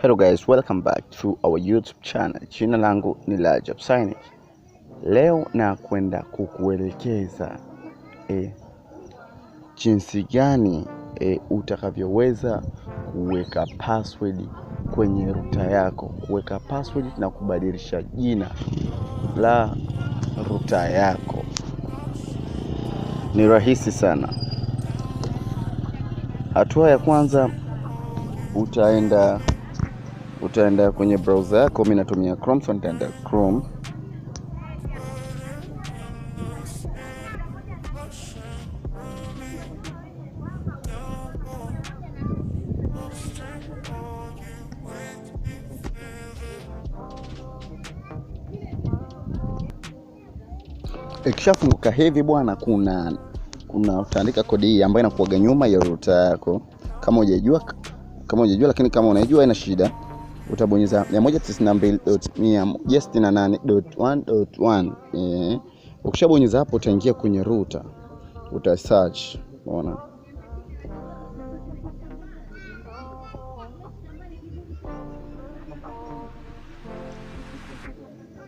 Hello guys, welcome back to our YouTube channel. Jina langu ni Rajab Synic. Leo nakwenda kukuelekeza eh, jinsi gani e, utakavyoweza kuweka password kwenye ruta yako, kuweka password na kubadilisha jina la ruta yako. Ni rahisi sana. Hatua ya kwanza utaenda utaenda kwenye browser yako. Mimi natumia Chrome, so nitaenda Chrome. Ikishafunguka hivi bwana, kuna kuna utaandika kodi hii ambayo inakuaga nyuma ya router yako, kama hujajua kama hujajua, lakini kama unaijua ina shida utabonyeza 192.168.1.1 eh. Ukishabonyeza hapo utaingia kwenye router, uta search unaona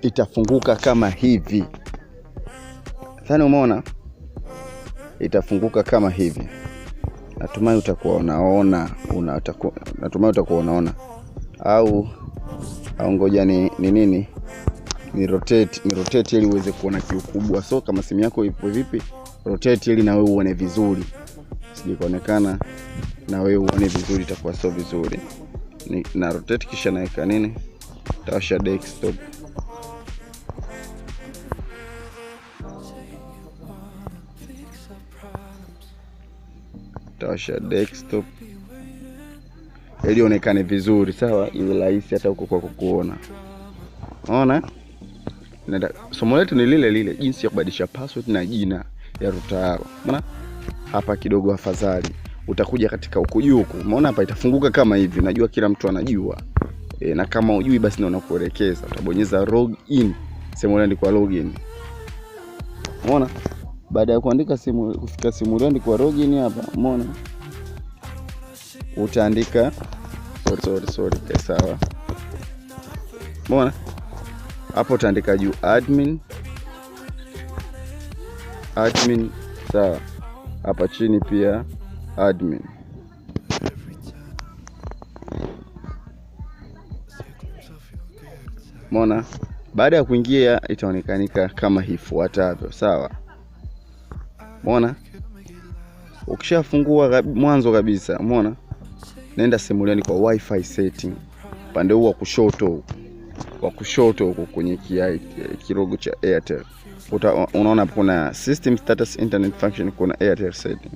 itafunguka kama hivi thani, umeona itafunguka kama hivi. Natumai utakuwa unaona, natumai utakuwa unaona au au ngoja ni, ni nini ni rotate, ni rotate ili uweze kuona kiukubwa so kama simu yako ipo vipi rotate ili na wewe uone vizuri sijaonekana na wewe uone vizuri itakuwa sio vizuri ni, na rotate kisha naweka nini tawasha desktop tawasha desktop ili onekane vizuri, sawa, iwe rahisi hata huko kwa kuona. Unaona, somo letu ni lile lile, jinsi ya kubadilisha password na jina ya router yako. Unaona hapa kidogo afadhali, utakuja katika huku juu huku, umeona hapa itafunguka kama hivi. Najua kila mtu anajua e, na kama ujui basi ndio nakuelekeza, utabonyeza log in, sehemu ndiko log in. Umeona, baada ya kuandika simu, kufika simu ndiko log in hapa, umeona utaandika sorry, sorry, sorry. Okay, sawa. mona hapo, utaandika juu admin admin, sawa. Hapa chini pia admin. Umeona, baada ya kuingia itaonekanika kama hifuatavyo, sawa. mona ukishafungua mwanzo kabisa, umeona Nenda simuliani kwa wifi setting, upande huu wa kushoto wa kushoto huko kwenye kirogo cha Airtel uta, unaona kuna system status internet function, kuna Airtel setting.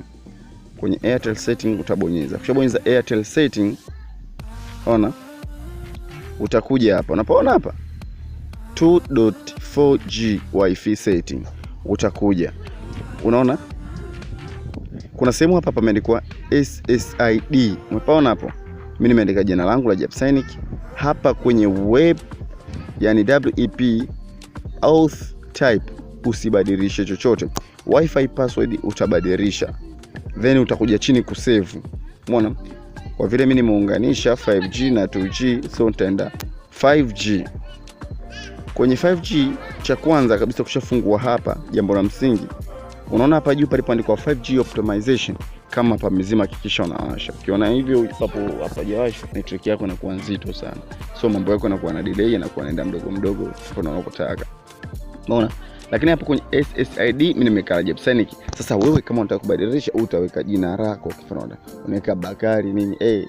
Kwenye Airtel setting utabonyeza, ukishabonyeza Airtel setting, ona utakuja hapa, unapoona hapa 2.4G wifi setting, utakuja unaona kuna sehemu hapa pameandikwa SSID, umepaona hapo? Mimi nimeandika jina langu la Japsanic hapa kwenye web, yani WEP auth type, usibadilishe chochote. Wi-Fi password utabadilisha, then utakuja chini kusave. Umeona, kwa vile mimi nimeunganisha 5G na 2G, so nitaenda 5G. Kwenye 5G cha kwanza kabisa kushafungua hapa, jambo la msingi unaona hapa juu palipoandikwa 5G optimization kama hapa mzima hakikisha unawasha ukiona hivyo hapo hapajawasha network yako inakuwa nzito sana so mambo yako yanakuwa na delay yanakuwa naenda mdogo mdogo unakotaka unaona lakini hapo kwenye SSID mimi nimekaa Jepsonic. Sasa wewe kama unataka kubadilisha utaweka jina lako kwa mfano unaweka Bakari nini eh, hey,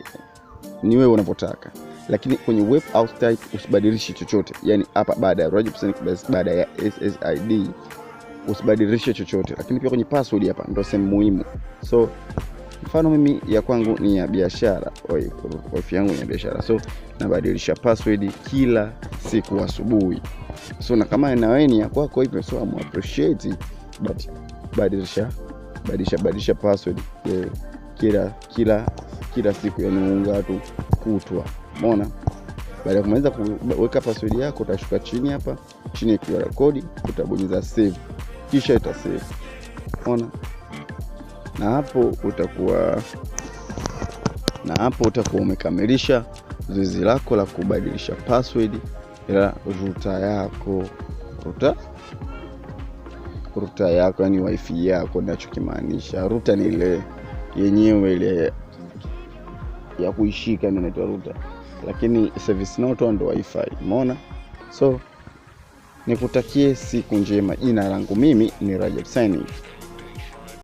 ni wewe unapotaka. Lakini kwenye web out type usibadilishi chochote, yani hapa baada ya Jepsonic basi baada ya SSID usibadilishe chochote, lakini pia kwenye password hapa ndio sehemu muhimu. So mfano mimi ya kwangu ni ya biashara, wifi yangu ni ya biashara, so nabadilisha password kila siku asubuhi. So na kama na wewe ni ya kwako hivyo, so am appreciate but badilisha badilisha badilisha password yeah, kila kila kila siku, yani muunga watu kutwa, umeona. Baada ya kumaliza kuweka password yako, utashuka chini hapa chini ya QR code utabonyeza save kisha itasave. Ona, na hapo utakuwa na hapo utakuwa umekamilisha zoezi lako la kubadilisha password ya ruta yako ruta ruta yako yani wifi yako, nachokimaanisha ruta ni ile yenyewe ile ya kuishika, ndio inaitwa ruta, lakini service inayotoa ndio wifi. Umeona so Nikutakie siku njema. Jina langu mimi ni Rajab Saini.